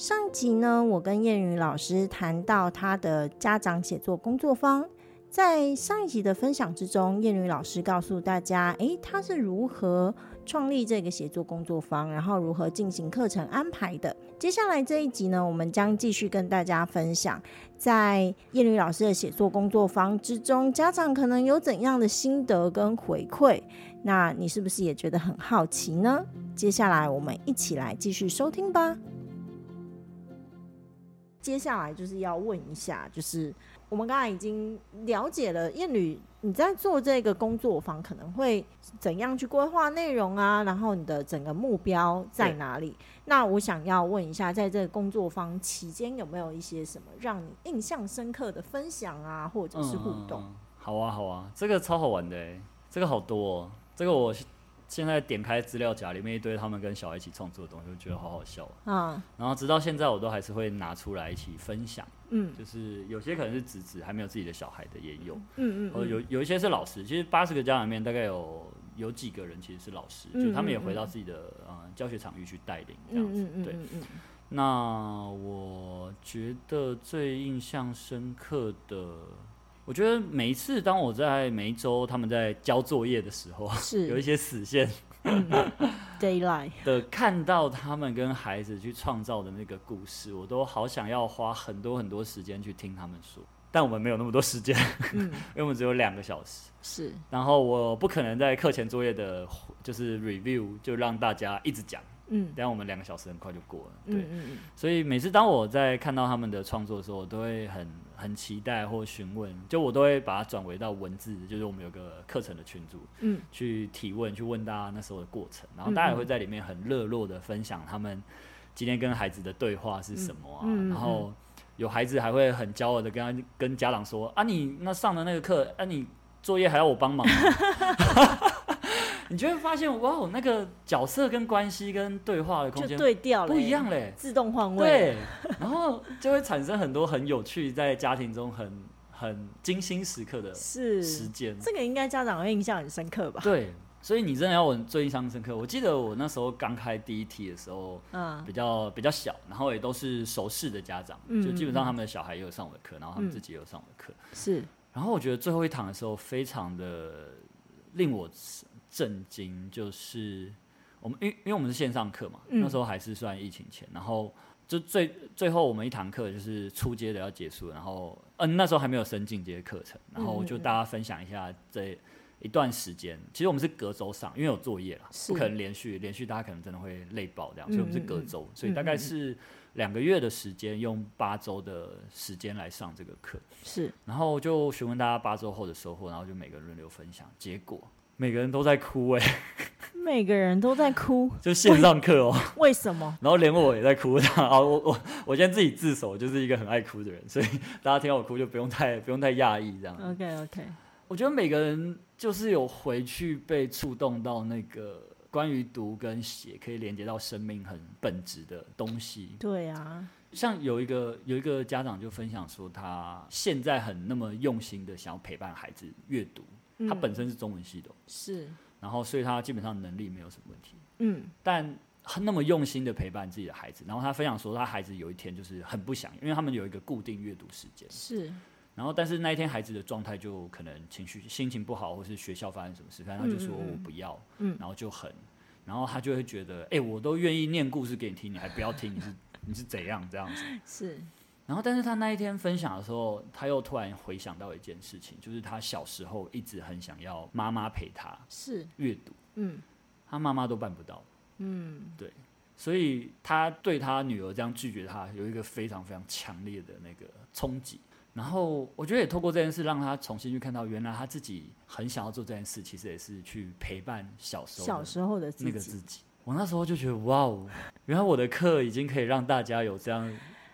上一集呢，我跟晏履老師談到她的家長寫作工作坊。在上一集的分享之中，晏履老師告訴大家，誒、欸，她是如何創立這個寫作工作坊，然後如何進行課程安排的。接下來這一集呢，我們將繼續跟大家分享，在晏履老師的寫作工作坊之中，家長可能有怎樣的心得跟回饋。那你是不是也覺得很好奇呢？接下來我們一起來繼續收聽吧。接下來就是要問一下，就是我們剛剛已經了解了晏履，你在做這個工作坊可能會怎樣去規劃內容啊？然後你的整個目標在哪裡？對那我想要問一下，在這個工作坊期間有沒有一些什麼讓你印象深刻的分享啊，或者是互動？嗯、好，啊好啊，好啊，這個超好玩的、欸，這個好多、哦，這個我現在點開資料夾裡面一堆他們跟小孩一起創作的東西，我覺得好好笑啊。然後直到現在，我都還是會拿出來一起分享。嗯，就是有些可能是侄子還沒有自己的小孩的也有。嗯嗯。有有一些是老師，其實八十個家裡面大概有有幾個人其實是老師，就他們也回到自己的嗯、呃、教學場域去帶領這樣子。對。那我覺得最印象深刻的。我覺得每一次當我在每一週，他們在交作業的時候，是有一些死線 deadline 的，看到他們跟孩子去創造的那個故事，我都好想要花很多很多時間去聽他們說，但我們沒有那麼多時間，嗯、因為我們只有兩個小時，是。然後我不可能在課前作業的，就是 review，就讓大家一直講，嗯，但我們兩個小時很快就過了，對，嗯，嗯嗯。所以每次當我在看到他們的創作的時候，我都會很。很期待或詢問，就我都會把它轉為到文字，就是我們有個課程的群組，嗯，去提問，去問大家那時候的過程，然後大家也會在裡面很熱絡的分享他們今天跟孩子的對話是什麼啊，嗯嗯、然後有孩子還會很驕傲的跟跟家長說、嗯嗯嗯、啊，你那上的那個課，啊，你作業還要我幫忙嗎？ 你就會發現哇，哦，那個角色跟關係跟對話的空間對調了，欸，不一樣嘞，欸，自動換位。對， 然後就會產生很多很有趣，在家庭中很很精心時刻的，是時間。這個應該家長會印象很深刻吧？對，所以你真的要問最印象深刻。我記得我那時候剛開第一梯的時候，嗯，比較比較小，然後也都是熟識的家長，嗯，就基本上他們的小孩也有上我的課，然後他們自己也有上我的課。嗯，是，然後我覺得最後一堂的時候，非常的令我。震驚就是我們，因為因為我們是線上課嘛，那時候還是算疫情前。然後就最最後我們一堂課就是初階的要結束，然後嗯、呃、那時候還沒有升進階課程，然後就大家分享一下這一段時間。其實我們是隔周上，因為有作業了，不可能連續連續，大家可能真的會累爆這樣，所以我們是隔周，所以大概是兩個月的時間，用八周的時間來上這個課。是，然後就詢問大家八周後的收穫，然後就每個人輪流分享，結果。每個人都在哭，哎、欸，每個人都在哭， 就線上課哦。為什麼？然後連我也在哭，啊，我我我現在自己自首，就是一個很愛哭的人，所以大家聽到我哭就不用太不用太訝異，這樣。OK OK，我覺得每個人就是有回去被觸動到那個關於讀跟寫，可以連結到生命很本質的東西。對啊，像有一個有一個家長就分享說，他現在很那麼用心的想要陪伴孩子閱讀。他本身是中文系的，嗯、是，然後所以他基本上能力沒有什麼問題。嗯，但他那麼用心的陪伴自己的孩子，然後他分享說，他孩子有一天就是很不想，因為他們有一個固定閱讀時間。是，然後但是那一天孩子的狀態就可能情緒、心情不好，或是學校發生什麼事，反正他就說我不要，嗯、然後就很，然後他就會覺得，哎、欸，我都願意念故事給你聽，你還不要聽，你是 你是怎樣這樣子？是。然後，但是他那一天分享的時候，他又突然回想到一件事情，就是他小時候一直很想要媽媽陪他，是閱讀，嗯，他媽媽都辦不到，嗯，對，所以他對他女兒這樣拒絕他，有一個非常非常強烈的那個衝擊。然後我覺得也透過這件事，讓他重新去看到，原來他自己很想要做這件事，其實也是去陪伴小時候小時候的那個自己。自己我那時候就覺得，哇哦，原來我的課已經可以讓大家有這樣。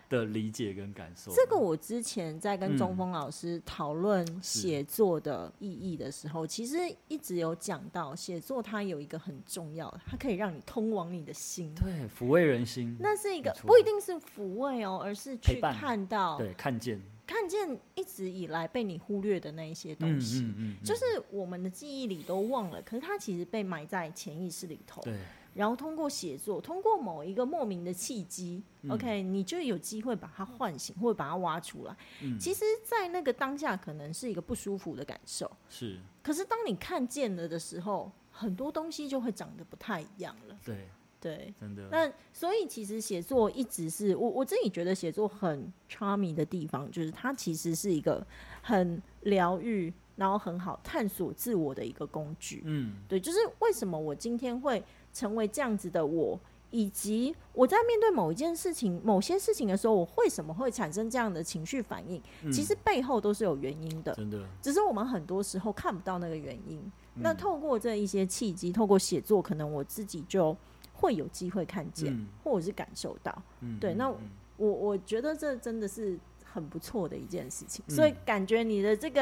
的理解跟感受。這個我之前在跟中峰老師討論寫作的意義的時候，是其實一直有講到，寫作它有一個很重要，它可以讓你通往你的心，對，撫慰人心。那是一個不一定是撫慰哦、喔，而是去看到，陪伴，對，看見，看見一直以來被你忽略的那一些東西，嗯，嗯嗯嗯就是我們的記憶裡都忘了，可是它其實被埋在潛意識裡頭，對。然後通過寫作，通過某一個莫名的契機、嗯、，OK，你就有機會把它喚醒，或者把它挖出來。嗯、其實，在那個當下，可能是一個不舒服的感受。是，可是當你看見了的時候，很多東西就會長得不太一樣了。對，對，真的。那所以，其實寫作一直是我我自己覺得寫作很 charming 的地方，就是它其實是一個很療癒，然後很好探索自我的一個工具。嗯，對，就是為什麼我今天會。成為這樣子的我，以及我在面對某一件事情、某些事情的時候，我為什麼會產生這樣的情緒反應？嗯、其實背後都是有原因的，真的。只是我們很多時候看不到那個原因。嗯、那透過這一些契機，透過寫作，可能我自己就會有機會看見，嗯、或者是感受到。嗯、對，那我我覺得這真的是。很不錯的一件事情，嗯、所以感覺你的這個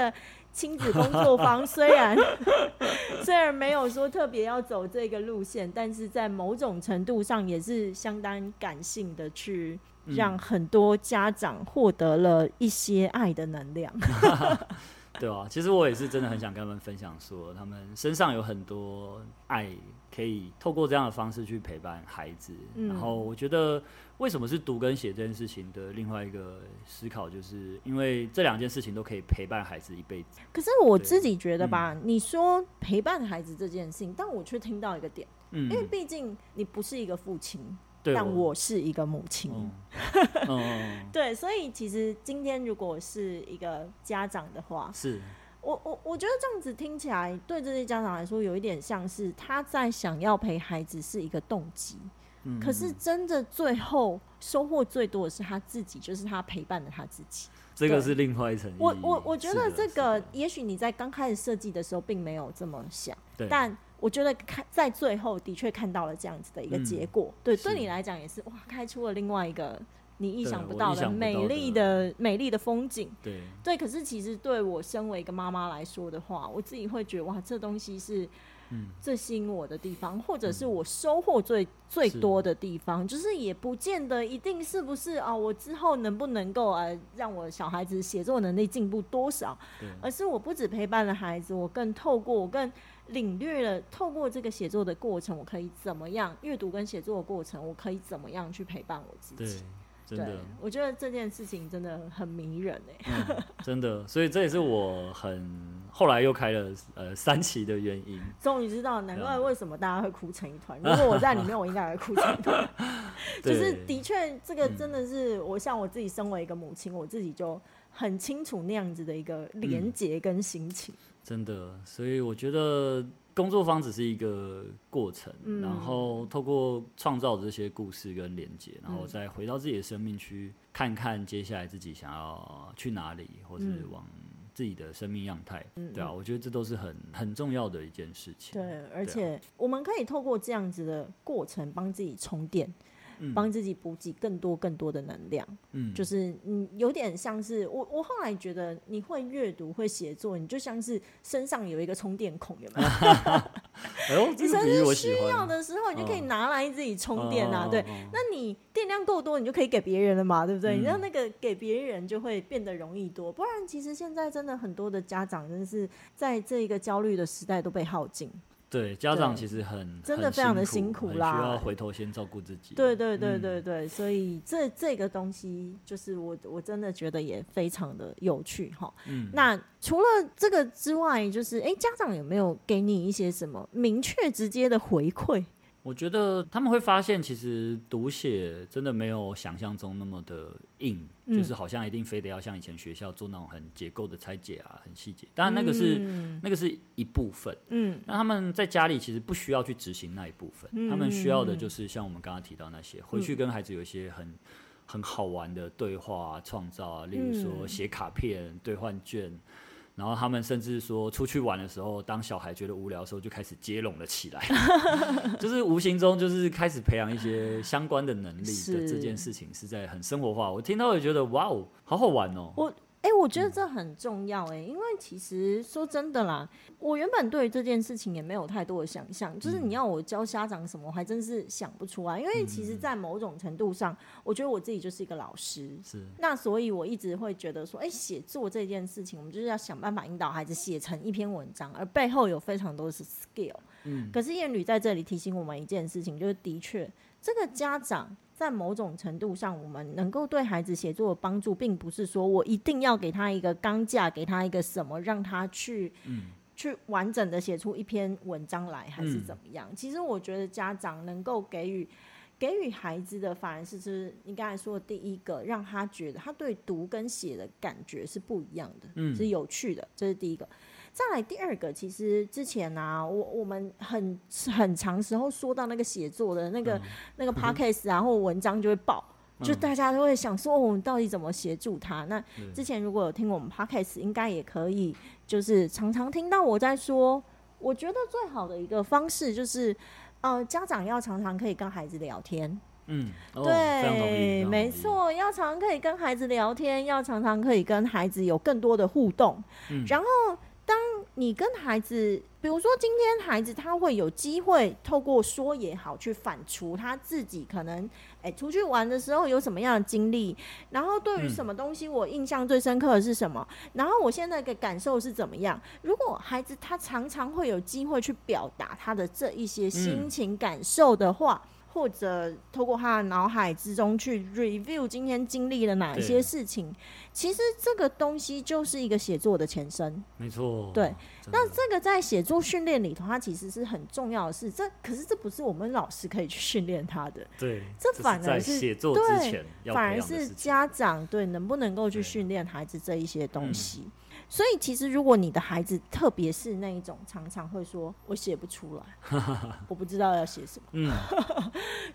親子工作坊雖然 雖然沒有說特別要走這個路線，但是在某種程度上也是相當感性的，去讓很多家長獲得了一些愛的能量。嗯、 對啊，其實我也是真的很想跟他們分享說，說他們身上有很多愛，可以透過這樣的方式去陪伴孩子，嗯、然後我覺得為什麼是讀跟寫這件事情的另外一個思考，就是因為這兩件事情都可以陪伴孩子一輩子。可是我自己覺得吧，嗯、你說陪伴孩子這件事情，但我卻聽到一個點，嗯、因為畢竟你不是一個父親，我但我是一個母親。嗯嗯、 對，所以其實今天如果是一個家長的話，是。我我我覺得這樣子聽起來，對這些家長來說，有一點像是他在想要陪孩子是一個動機，嗯，可是真的最後收穫最多的是他自己，就是他陪伴了他自己。這個是另外一層。我我我覺得這個，也許你在剛開始設計的時候，並沒有這麼想，是的。但我覺得看在最後，的確看到了這樣子的一個結果。嗯、對，對你來講也是，是的。哇，開出了另外一個。你意想不到的美麗的,的美麗的,的風景，對對。可是其實對我身為一個媽媽來說的話，我自己會覺得哇，這東西是嗯最吸引我的地方，嗯、或者是我收穫最、嗯、最多的地方。是就是也不見得一定是不是啊、哦，我之後能不能夠啊、呃，讓我小孩子寫作能力進步多少？對，而是我不止陪伴了孩子，我更透過我更領略了透過這個寫作的過程，我可以怎麼樣閱讀跟寫作的過程，我可以怎麼樣去陪伴我自己。真的對，我覺得這件事情真的很迷人哎，嗯，真的，所以這也是我很後來又開了呃三期的原因。終於知道，難怪為什麼大家會哭成一團。 如果我在裡面，我應該也會哭成一團。 就是的確，這個真的是我，像我自己身為一個母親，對我自己就很清楚那樣子的一個連結跟心情，嗯。真的，所以我覺得。工作坊只是一個過程，然後透過創造這些故事跟連接，然後再回到自己的生命去看看接下來自己想要去哪裡，或是往自己的生命樣態。嗯、對啊，我覺得這都是很很重要的一件事情。嗯、對啊、對，而且我們可以透過這樣子的過程幫自己充電。幫自己補給更多更多的能量，嗯，就是有點像是我，我後來覺得你會閱讀會寫作，你就像是身上有一個充電孔有沒有？你、啊 哎、呦，真的是需要的時候你就可以拿來自己充電啊，哦、對，哦哦哦，那你電量夠多，你就可以給別人了嘛，對不對？嗯、你知道那個給別人就會變得容易多，不然其實現在真的很多的家長真的是在這一個焦慮的時代都被耗盡。對，家長其實很，對很真的非常的辛苦啦，需要回頭先照顧自己。對，對對對對對，嗯、所以這這個東西就是我我真的覺得也非常的有趣哈。嗯、那除了這個之外，就是哎、欸，家長有沒有給你一些什麼明確直接的回饋？我覺得他們會發現，其實讀寫真的沒有想象中那麼的硬，嗯、就是好像一定非得要像以前學校做那種很結構的拆解啊，很細節。當然那個是、嗯、那個是一部分，嗯，那他們在家裡其實不需要去執行那一部分，嗯、他們需要的就是像我們剛剛提到那些，回去跟孩子有一些很、嗯、很好玩的對話、啊、創造啊，例如說寫卡片、兌換券。然後他們甚至說，出去玩的時候，當小孩覺得無聊的時候，就開始接龍了起來， 就是無形中就是開始培養一些相關的能力的這件事情，是在很生活化。是我聽到會覺得哇哦，好好玩哦。哎、欸，我覺得這很重要。哎、欸，嗯、因為其實說真的啦，我原本對於這件事情也沒有太多的想象，嗯、就是你要我教家長什麼，我還真是想不出來。因為其實，在某種程度上，嗯、我覺得我自己就是一個老師，是那所以我一直會覺得說，哎、欸，寫作這件事情，我們就是要想辦法引導孩子寫成一篇文章，而背後有非常多是 skill。嗯，可是晏履在這裡提醒我們一件事情，就是的確。這個家長在某種程度上，我們能夠對孩子寫作的幫助，並不是說我一定要給他一個鋼架，給他一個什麼，讓他去、嗯、去完整的寫出一篇文章來，還是怎麼樣？嗯、其實我覺得家長能夠給予給予孩子的，反而是就是，是你剛才說的第一個，讓他覺得他對讀跟寫的感覺是不一樣的，嗯、是有趣的，這是第一個。再來第二個，其實之前啊，我我們很很長時候說到那個寫作的那個、嗯、那個 podcast、嗯、然後文章就會爆，嗯、就大家都會想說，哦、我們到底怎麼協助他？那之前如果有聽我們 podcast 應該也可以，就是常常聽到我在說，我覺得最好的一個方式就是，呃，家長要常常可以跟孩子聊天，嗯，哦、對，沒錯，要常常可以跟孩子聊天，要常常可以跟孩子有更多的互動，嗯，然後。當你跟孩子，比如說今天孩子他會有機會透過說也好去反芻他自己可能，誒、欸、出去玩的時候有什麼樣的經歷，然後對於什麼東西我印象最深刻的是什麼，嗯、然後我現在的感受是怎麼樣？如果孩子他常常會有機會去表達他的這一些心情、嗯、感受的話。或者透過他的腦海之中去 review 今天經歷了哪一些事情，對其實這個東西就是一個寫作的前身。沒錯錯。對。的那這個在寫作訓練裡頭，它其實是很重要的事。這，可是這不是我們老師可以去訓練他的。對。這反而是寫作，對，反而是家長，對，能不能夠去訓練孩子這一些東西。所以，其實如果你的孩子，特別是那一種，常常會說“我寫不出來”， 我不知道要寫什麼。嗯、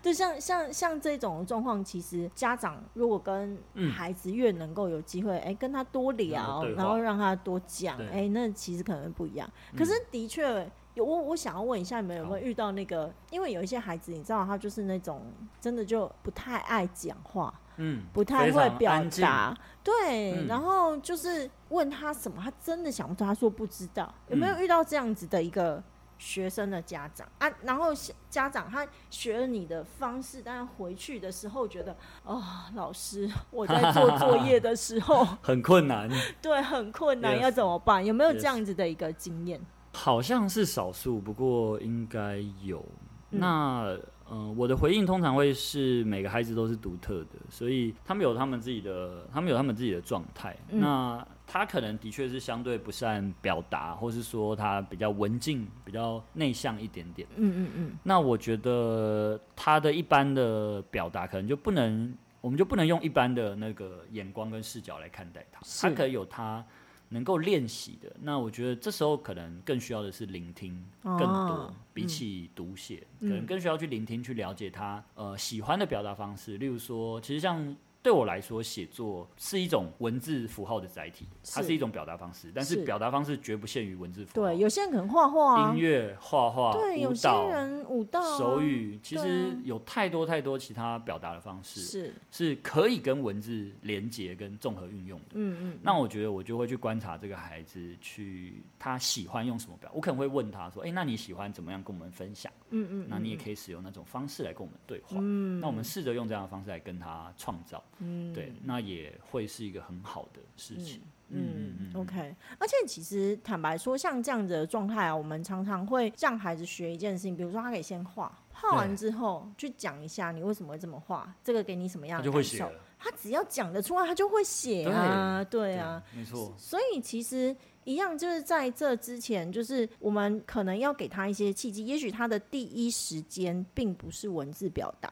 就像像像這種狀況，其實家長如果跟孩子越能夠有機會，哎、欸，跟他多聊，嗯、然後讓他多講，哎對、欸，那其實可能不一樣。可是的，的確有我，我想要問一下你們有沒有遇到那個？好因為有一些孩子，你知道，他就是那種真的就不太愛講話。嗯，不太會表達，對，嗯、然後就是問他什麼，他真的想不通，他說不知道。有沒有遇到這樣子的一個學生的家長、嗯、啊？然後家長他學了你的方式，但是回去的時候覺得，哦，老師我在做作業的時候 很困難， 對，很困難，Yes, 要怎麼辦？有沒有這樣子的一個經驗？Yes. 好像是少數，不過應該有。嗯、那。嗯、呃，我的回應通常會是每個孩子都是獨特的，所以他們有他們自己的，他們有他們自己的狀態。嗯、那他可能的確是相對不善表達，或是說他比較文靜、比較內向一點點。嗯嗯嗯。那我覺得他的一般的表達可能就不能，我們就不能用一般的那個眼光跟視角來看待他，是他可以有他。能夠練習的，那我覺得這時候可能更需要的是聆聽更多，哦、比起讀寫，嗯、可能更需要去聆聽，去了解他呃喜歡的表達方式，例如說，其實像。對我來說，寫作是一種文字符號的載體，是它是一種表達方式。但是表達方式絕不限於文字符號。對，有些人可能畫畫、啊、音樂、畫畫、對舞蹈、有些人舞蹈啊、手語，其實有太多太多其他表達的方式，是對是可以跟文字連接、跟綜合運用的。嗯嗯是。那我覺得我就會去觀察這個孩子去，去他喜歡用什麼表，我可能會問他說：“哎，那你喜歡怎麼樣跟我們分享？”嗯，嗯嗯，那你也可以使用那種方式來跟我們對話。嗯，那我們試着用這樣的方式來跟他創造。嗯，對，那也會是一個很好的事情。嗯嗯，嗯，嗯，嗯，OK。而且其實坦白說，像這樣子的狀態啊，我們常常會讓孩子學一件事情，比如說他可以先畫，畫完之後去講一下你為什麼會這麼畫，這個給你什麼樣的感受？他就會寫了，他只要講得出來，他就會寫啊，對，對啊，對，沒錯。所以其實。一樣，就是在這之前，就是我們可能要給他一些契機。也許他的第一時間並不是文字表達，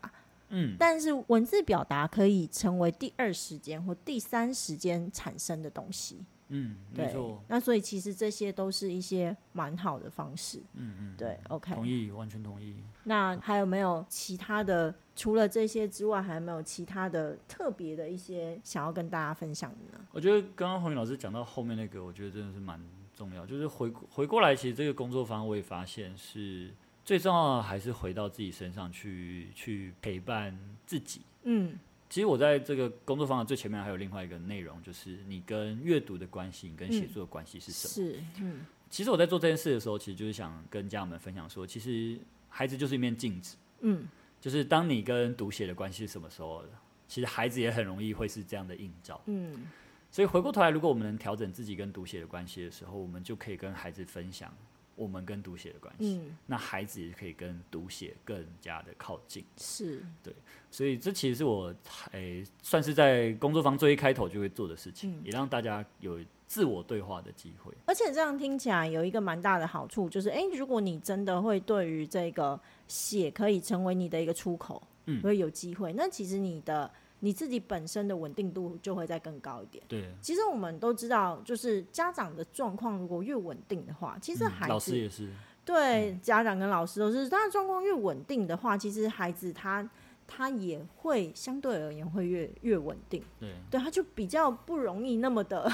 嗯，但是文字表達可以成為第二時間或第三時間產生的東西。嗯，沒錯。那所以其實這些都是一些蠻好的方式。嗯嗯，嗯對，OK。同意，完全同意。那還有沒有其他的？除了這些之外，還有沒有其他的特別的一些想要跟大家分享的呢？我覺得剛剛紅雲老師講到後面那個，我覺得真的是蠻重要。就是回回過來，其實這個工作坊我也發現是最重要的，還是回到自己身上去去陪伴自己。嗯。其實我在這個工作坊的最前面還有另外一個內容，就是你跟閱讀的關係，你跟寫作的關係是什麼？嗯、是，嗯、其實我在做這件事的時候，其實就是想跟家長們分享說，其實孩子就是一面鏡子，嗯，就是當你跟讀寫的關係是什麼時候，其實孩子也很容易會是這樣的映照，嗯，所以回過頭來，如果我們能調整自己跟讀寫的關係的時候，我們就可以跟孩子分享。我們跟讀寫的關係，嗯、那孩子也可以跟讀寫更加的靠近。是，對，所以這其實是我誒、欸，算是在工作坊最一開頭就會做的事情，嗯、也讓大家有自我對話的機會。而且這樣聽起來有一個蠻大的好處，就是誒、欸，如果你真的會對於這個寫可以成為你的一個出口，會、嗯、有機會，那其實你的。你自己本身的穩定度就會再更高一點。對，其實我們都知道，就是家長的狀況如果越穩定的話，其實孩子。老師也是。對，家長跟老師都是，他的狀況越穩定的話，其實孩子他。他也會相對而言會越越穩定，對，對，他就比較不容易那麼的，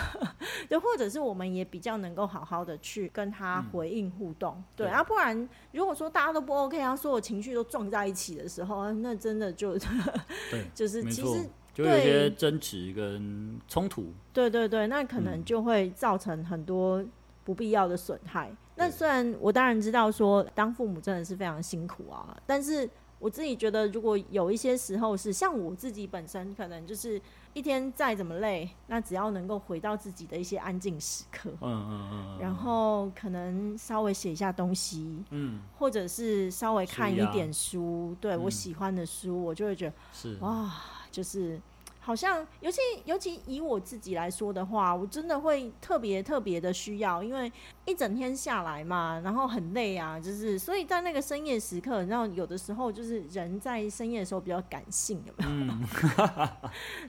對， 或者是我們也比較能夠好好的去跟他回應互動，嗯、對，對啊，不然如果說大家都不 OK，啊、然後所有情緒都撞在一起的時候，那真的就， 對就是其實就有一些爭執跟衝突，對對對，那可能就會造成很多不必要的損害。嗯、那雖然我當然知道說當父母真的是非常辛苦啊，但是。我自己覺得，如果有一些時候是像我自己本身，可能就是一天再怎麼累，那只要能夠回到自己的一些安靜時刻，嗯嗯嗯，然後可能稍微寫一下東西，嗯，或者是稍微看一點書，呀，對、嗯、我喜歡的書，我就會覺得是哇，就是。好像，尤其尤其以我自己來說的話，我真的會特別特別的需要，因為一整天下來嘛，然後很累啊，就是所以在那個深夜時刻，然後有的時候就是人在深夜的時候比較感性，有沒有？嗯、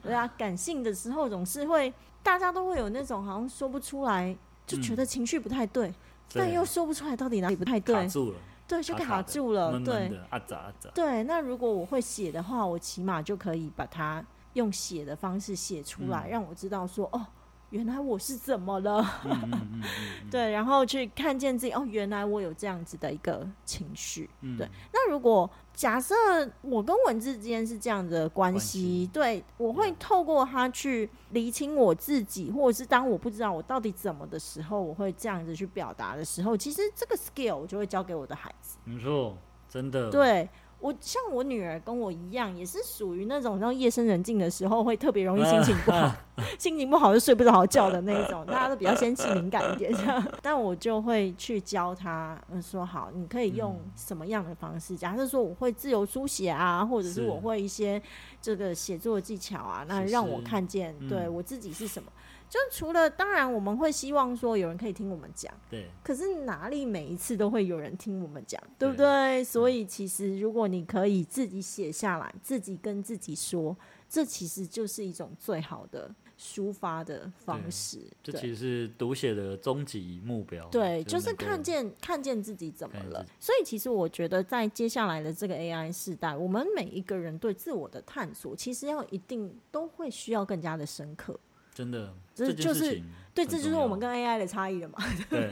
對啊，感性的時候總是會，大家都會有那種好像說不出來，就覺得情緒不太對，嗯、但又說不出來到底哪裡不太對，對，就卡住了，對，對，那如果我會寫的話，我起碼就可以把它。用寫的方式寫出來，嗯、讓我知道說哦，原來我是怎麼了，嗯嗯嗯、 對，然後去看見自己哦，原來我有這樣子的一個情緒，嗯、對。那如果假設我跟文字之間是這樣的關係，關係、對，我會透過它去釐清我自己，嗯、或者是當我不知道我到底怎麼的時候，我會這樣子去表達的時候，其實這個 skill 我就會教給我的孩子，沒錯，真的，對。我像我女兒跟我一樣，也是屬於那種，像夜深人靜的時候會特別容易心情不好， 心情不好就睡不着覺的那一種， 大家都比較纖細敏感一點。這樣，但我就會去教她嗯，說好，你可以用什麼樣的方式？假設說我會自由書寫啊，或者是我會一些這個寫作技巧啊，是是那讓我看見、嗯、對我自己是什麼。就除了當然，我們會希望說有人可以聽我們講，對。可是哪裡每一次都會有人聽我們講，對不對？對，所以其實如果你可以自己寫下來，對自己跟自己說，這其實就是一種最好的抒發的方式。對對這其實是讀寫的終極目標。對，就，能就是看見看見自己怎麼了。所以其實我覺得，在接下來的這個 AI 時代，我們每一個人對自我的探索，其實要一定都會需要更加的深刻。真的，這就是對，這就是我們跟 AI 的差異了嘛？對，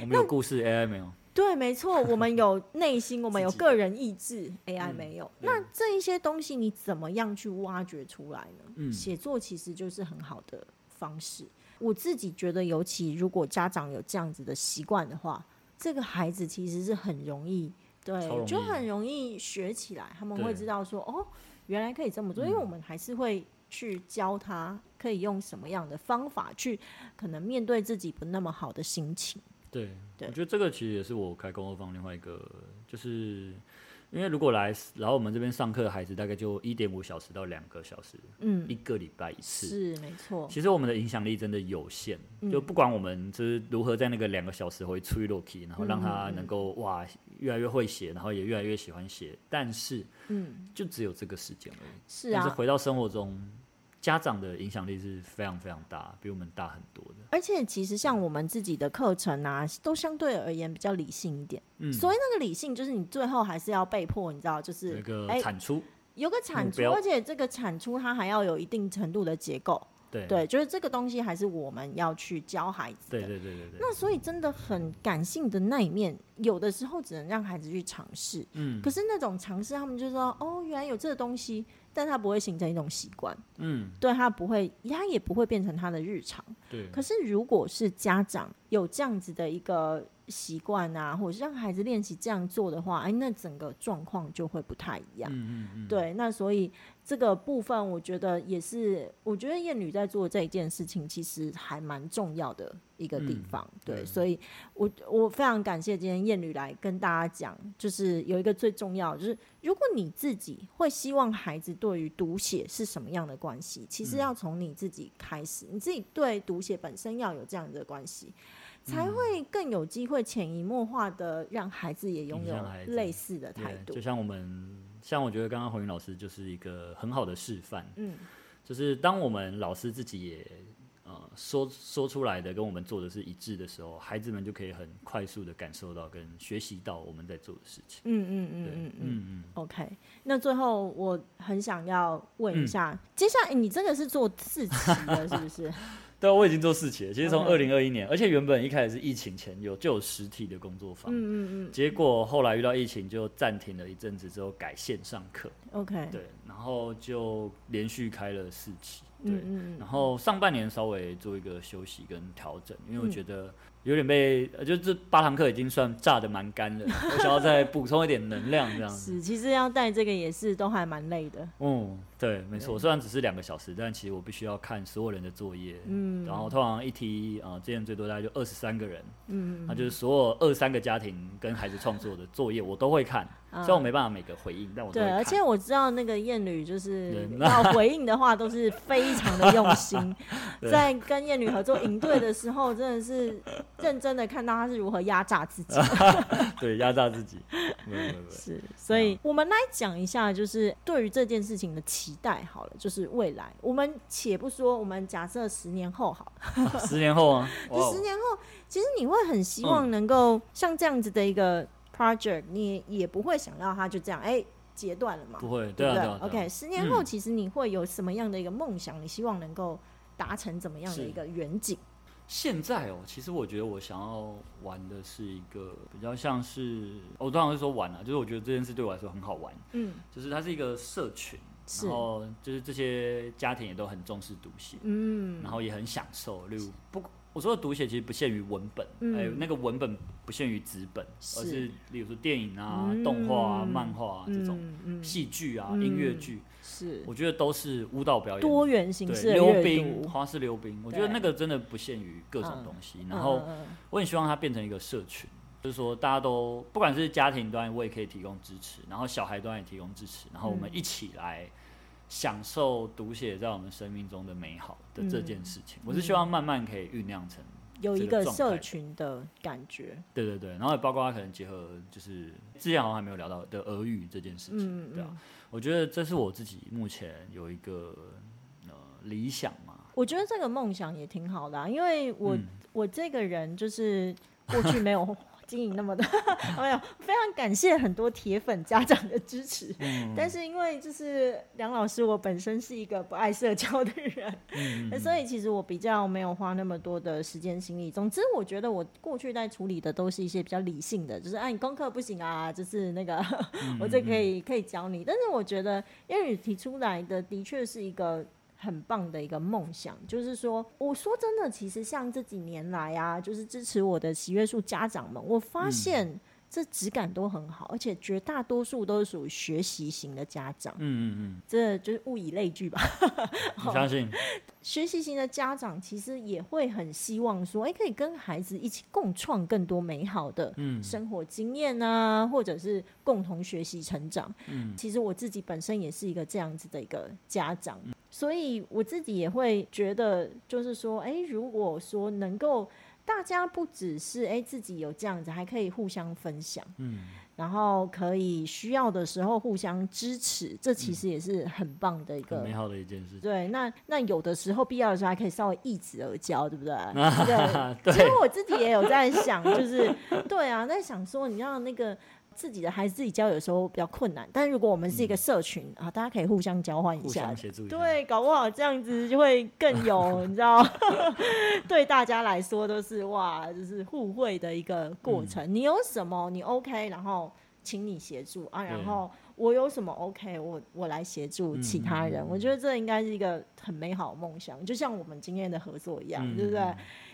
我們有故事，AI 沒有。對，沒錯，我們有內心，我們有個人意志，AI 沒有。那這一些東西，你怎麼樣去挖掘出來呢？嗯，寫作其實就是很好的方式。我自己覺得，尤其如果家長有這樣子的習慣的話，這個孩子其實是很容易，對，就很容易學起來。他們會知道說，哦，原來可以這麼做，因為我們還是會。去教他可以用什麼樣的方法去，可能面對自己不那麼好的心情。對，對，我覺得這個其實也是我開工作坊另外一個，就是。因為如果來，然後我們這邊上課的孩子大概就一點五小時到兩個小時，嗯，一個禮拜一次，是沒錯。其實我們的影響力真的有限，嗯、就不管我們就是如何在那個兩個小時催落去，然後讓他能夠、嗯嗯、哇越來越會寫，然後也越來越喜歡寫，但是嗯，就只有這個時間而已、嗯。是啊，但是回到生活中。家長的影響力是非常非常大，比我們大很多的。而且其實像我們自己的課程啊，對，都相對而言比較理性一點。嗯，所以那個理性就是你最後還是要被迫，你知道，就是那個產出、欸、產出，有個產出，目標。而且這個產出它還要有一定程度的結構。對對，就是這個東西還是我們要去教孩子的。對對對對對。那所以真的很感性的那一面，有的時候只能讓孩子去嘗試。嗯，可是那種嘗試，他們就說：“哦，原來有這個東西。”但他不會形成一種習慣，嗯，對他不會，他也不會變成他的日常。對，可是如果是家長有這樣子的一個習慣啊，或者是讓孩子練習這樣做的話，哎，那整個狀況就會不太一樣。嗯嗯、對。那所以這個部分，我覺得也是，我覺得晏履在做這一件事情，其實還蠻重要的一個地方。嗯、對，對所以我我非常感謝今天晏履來跟大家講，就是有一個最重要，就是如果你自己會希望孩子對於讀寫是什麼樣的關係，其實要從你自己開始，嗯、你自己對讀寫本身要有這樣的關係。才會更有機會潛移默化的讓孩子也擁有類似的態度，嗯的度。就像我們，像我覺得剛剛紅雲老師就是一個很好的示範。嗯，就是當我們老師自己也呃說說出來的跟我們做的是一致的時候，孩子們就可以很快速的感受到跟學習到我們在做的事情。嗯嗯嗯嗯嗯嗯。OK，那最後我很想要問一下，嗯、接下來、欸、你真的是做自己的，是不是？ 對，我已經做四期了。其實從二零二一年，Okay. 而且原本一開始是疫情前有就有實體的工作坊，嗯嗯嗯。結果後來遇到疫情，就暫停了一陣子，之後改線上課。OK。對，然後就連續開了四期，對。嗯嗯嗯然後上半年稍微做一個休息跟調整，因為我覺得有點被，就這八堂課已經算炸得蠻乾了。 我想要再補充一點能量，這樣子。其實要帶這個也是都還蠻累的。嗯。對，沒錯。雖然只是兩個小時，但其實我必須要看所有人的作業。嗯。然後通常一梯啊，這樣最多大概就二十三個人。嗯嗯。那就是所有二十三個家庭跟孩子創作的作業，我都會看。雖然我沒辦法每個回應，但我對。而且我知道那個晏履，就是要回應的話，都是非常的用心。在跟晏履合作營隊的時候，真的是認真的看到她是如何壓榨自己。對，壓榨自己。是。所以，我們來講一下，就是對於這件事情的起。期待好了，就是未來。我們且不說，我們假設十年後好了，啊，十年後啊， 就十年後，其實你會很希望能夠像這樣子的一個 project，、嗯、你也不會想到它就這樣哎、欸、截斷了嘛？不會，對,、啊、對不對？OK，十年後其實你會有什麼樣的一個夢想？嗯、你希望能夠達成怎麼樣的一個遠景？現在哦、喔，其實我覺得我想要玩的是一個比較像是我通常會說玩啊，就是我覺得這件事對我來說很好玩。嗯，就是它是一個社群。然後就是這些家庭也都很重視讀寫，嗯，然後也很享受。例如不，我說的讀寫其實不限於文本，還有那個文本不限於紙本，而是例如說電影啊、動畫啊、漫畫啊這種，戲劇啊、音樂劇是，我覺得都是舞蹈表演多元形式的閱讀。對，溜冰，花式溜冰，我覺得那個真的不限於各種東西。然後我很希望它變成一個社群。就是說，大家都不管是家庭端，我也可以提供支持；然後小孩端也提供支持，然後我們一起來享受讀寫在我們生命中的美好的這件事情。嗯嗯、我是希望慢慢可以醞釀成有一個社群的感覺。對對對，然後也包括他可能結合，就是之前好像還沒有聊到的俄語這件事情，嗯、對吧、啊？我覺得這是我自己目前有一個呃理想嘛。我覺得這個夢想也挺好的、啊，因為我、嗯、我這個人就是過去沒有。 經營那麼多，沒有非常感謝很多鐵粉家長的支持。但是因為就是梁老師，我本身是一個不愛社交的人，所以其實我比較沒有花那麼多的時間心力。總之，我覺得我過去在處理的都是一些比較理性的，就是哎、啊，你功課不行啊，就是那個我就可以可以教你。但是我覺得，因為你提出來的的確是一個。很棒的一個夢想，就是說，我說真的，其實像這幾年來啊，就是支持我的喜閱樹家長們，我發現這質感都很好，嗯、而且絕大多數都是屬於學習型的家長。嗯嗯嗯，這就是物以類聚吧。我、 哦、相信學習型的家長其實也會很希望說，哎、欸，可以跟孩子一起共創更多美好的生活經驗啊，嗯、或者是共同學習成長。嗯，其實我自己本身也是一個這樣子的一個家長。嗯所以我自己也會覺得，就是說，哎，如果說能夠大家不只是哎自己有這樣子，還可以互相分享，嗯，然後可以需要的時候互相支持，這其實也是很棒的一個、嗯、很美好的一件事情。對，那那有的時候必要的時候還可以稍微易子而教，對不對、啊？啊、對，對其實我自己也有在想，就是 對啊，在想說，你要那個。自己的孩子自己教有時候比較困難，但是如果我們是一個社群、嗯、啊，大家可以互相交換一下，互相協助一下對，搞不好這樣子就會更有， 你知道， 對大家來說都是哇，就是互惠的一個過程。嗯、你有什麼，你 OK，然後請你協助、嗯、啊，然後。我有什麼 OK？我我來協助其他人。嗯嗯、我覺得這應該是一個很美好的夢想，就像我們今天的合作一樣，嗯、對不對？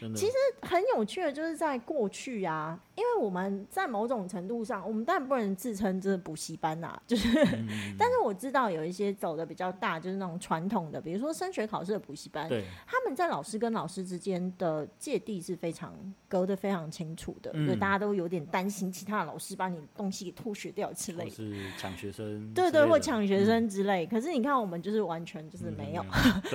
嗯、其實很有趣的，就是在過去啊，因為我們在某種程度上，我們當然不能自稱這是補習班吶、啊，就是。嗯、但是我知道有一些走得比較大，就是那種傳統的，比如說升學考試的補習班，對，他們在老師跟老師之間的芥蒂是非常隔得非常清楚的，嗯、對，大家都有點擔心，其他的老師把你東西給吐血掉之類的。對,對對，或搶學生之類，嗯、可是你看我們就是完全就是沒有，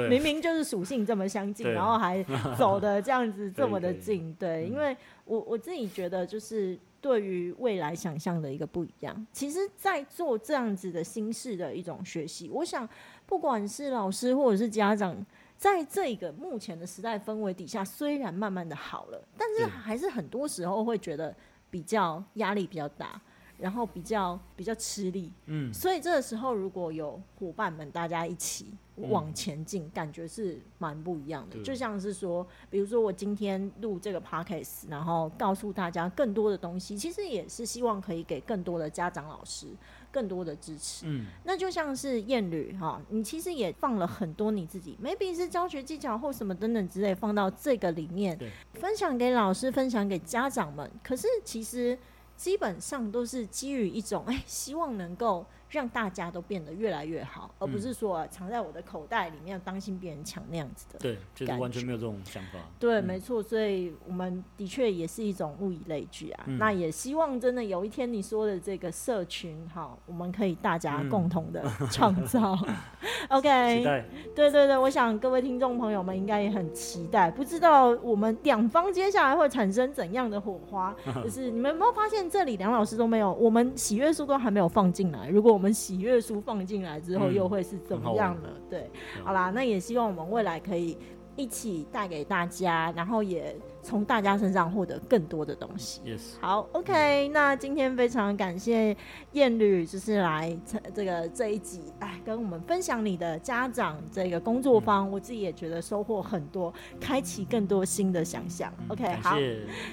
明明就是屬性這麼相近，對然後還走得這樣子這麼的近，對,對,對,對，因為我我自己覺得就是對於未來想象的一個不一樣，嗯、其實，在做這樣子的新式的一種學習，我想不管是老師或者是家長，在這個目前的時代氛圍底下，雖然慢慢的好了，但是還是很多時候會覺得比較壓力比較大。然後比較比較吃力，嗯，所以這個時候如果有夥伴們大家一起往前進，嗯、感覺是蠻不一樣的。對就像是說，比如說我今天錄這個 podcast，然後告訴大家更多的東西，其實也是希望可以給更多的家長、老師更多的支持。嗯，那就像是晏履哈，你其實也放了很多你自己，maybe 是教學技巧或什麼等等之類放到這個裡面，對分享給老師，分享給家長們。可是其實。基本上都是基於一種，哎、欸，希望能夠，讓大家都變得越來越好，嗯、而不是說、啊、藏在我的口袋裡面，當心別人搶那樣子的感覺。對，就是完全沒有這種想法。對，嗯、沒錯，所以我們的確也是一種物以類聚啊。嗯、那也希望真的有一天你說的這個社群好，我們可以大家共同的創造。OK，對對對，我想各位聽眾朋友們應該也很期待，不知道我們兩方接下來會產生怎樣的火花？嗯、就是你們有沒有發現，這裡梁老師都沒有，我們喜閱樹都還沒有放進來，如果。我們喜閱樹放進來之後，嗯、又會是怎麼樣的？對，嗯、好啦，那也希望我們未來可以一起帶給大家，然後也。從大家身上獲得更多的東西。Yes, 好，OK、嗯。那今天非常感謝晏履就是來這、這個這一集，哎，跟我們分享你的家長這個工作坊，嗯、我自己也覺得收穫很多，開啟更多新的想象。OK，好。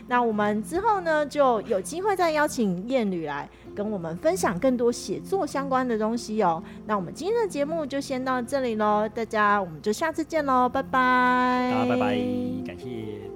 那我們之後呢，就有機會再邀請晏履來跟我們分享更多寫作相關的東西哦。那我們今天的節目就先到這裡嘍，大家我們就下次見嘍，拜拜。好、啊，拜拜，感謝。